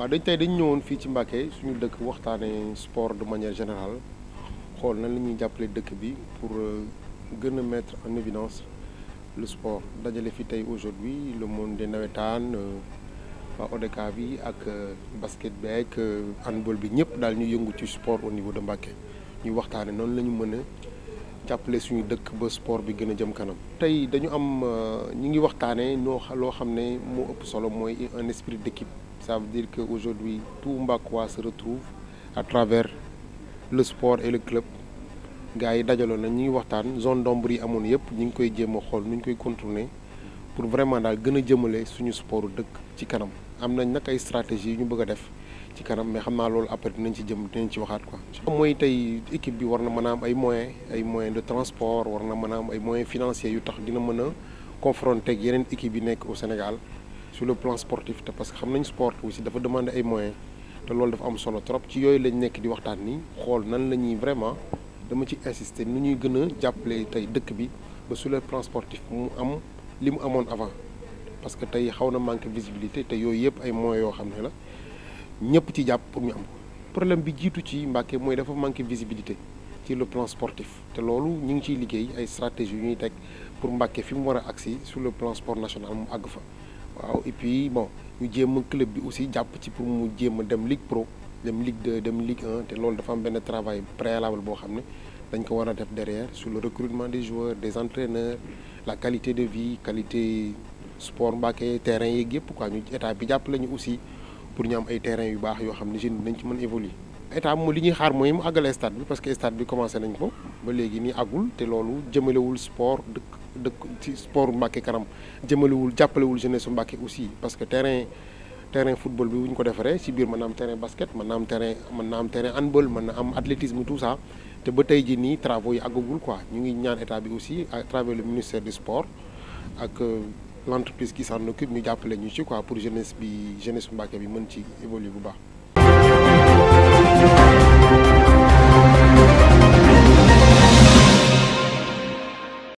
waaw dañu tey dañ ñëwoon fii ci Mbacké suñu dëkk waxtaanee sport de manière générale xool nan la ñuy jàppale dëkk bi pour euh, gën a mettre en évidence le sport dajale fi tey aujourd'hui le monde des nawetaan euh, waa ODCAV bi ak euh, basket bi ak handball bi ñëpp daal ñu yëngu ci sport au niveau de Mbacké ñuy waxtaane noonu la ñu mën a jàppale suñu dëkk ba sport bi gën a jëm kanam tey dañu am ñu ngi waxtaane noo loo xam ne moo ëpp solo mooy un esprit d'équipe Ça veut dire qu'aujourd'hui, tout Mbakwa se retrouve à travers le sport et le club. gars yi dajaloo na ñuy waxtaan zone d'ombre yi amoon yëpp ñu ngi koy jéem a xool nu ñu koy contourner pour vraiment daal gën a jëmale suñu sportu dëkk ci kanam am nañ nag ay stratégie yu ñu bëgg a def ci kanam mais xam naa loolu après nañ ci jëm dinañ ci waxaat quoi. mooy tey équipe bi war na mën a am ay moyens ay moyens de transport war na mën a am ay moyen financier yu tax dina mën a confronter ak yeneen équipe yi nekk Sénégal. sur le plan sportif te parce que xam nañ sport aussi dafa demander ay moyens te loolu dafa am solo trop ci yooyu lañ nekk di waxtaan ni xool nan la ñuy vraiment dama ci insister nu ñuy gën a jàppale tey dëkk bi ba sur le plan sportif mu am li mu amoon avant parce que tey xaw na manque visibilité te yooyu yëpp ay moyens yoo xam ne la ñëpp ci jàpp pour ñu am ko problème bi jiitu ci Mbacké mooy dafa manque visibilité ci le plan sportif te loolu ñu ngi ciy liggéey ay stratégies yu ñuy teg pour Mbacké fi mu war a agsi sur le plan sport national mu àgg fa waaw et bon ñu jéem a club bi aussi jàpp ci pour mu jéem a dem ligue pro dem ligue 2 dem ligue 1 te loolu dafa am benn travail préalable boo xam ne dañ ko war a def derrière sur le recrutement des joueurs des entraîneurs la qualité de vie qualité sport mbàkkee terrain yeeg yëpp quoi ñu état bi jàppale ñu aussi pour ñu am ay terrain yu baax yoo xam ne jeunes nañ ci mën évoluer. état moom li ñuy xaar mooy mu àggale stade bi parce que stade bi commencé nañ ko ba léegi nii àggul te loolu jëmalewul sport dëkk. dëkk ci sport Mbacke kanam jëmalewul jàppalewul jeunesse su Mbacke aussi parce que terrain terrain football bi bu ñu ko defaree si biir mën na am terrain basket mën na am terrain mën na am terrain handball mën na am athlétisme tout ça te ba tey ji nii travaux yi àggagul quoi ñu ngi ñaan état bi aussi à travers le ministère du sport ak euh, l' entreprise qui s'en ñu jàppale ñu ci quoi pour jeunesse bi jeunesse su Mbacke bi mën ci évoluer bu baax.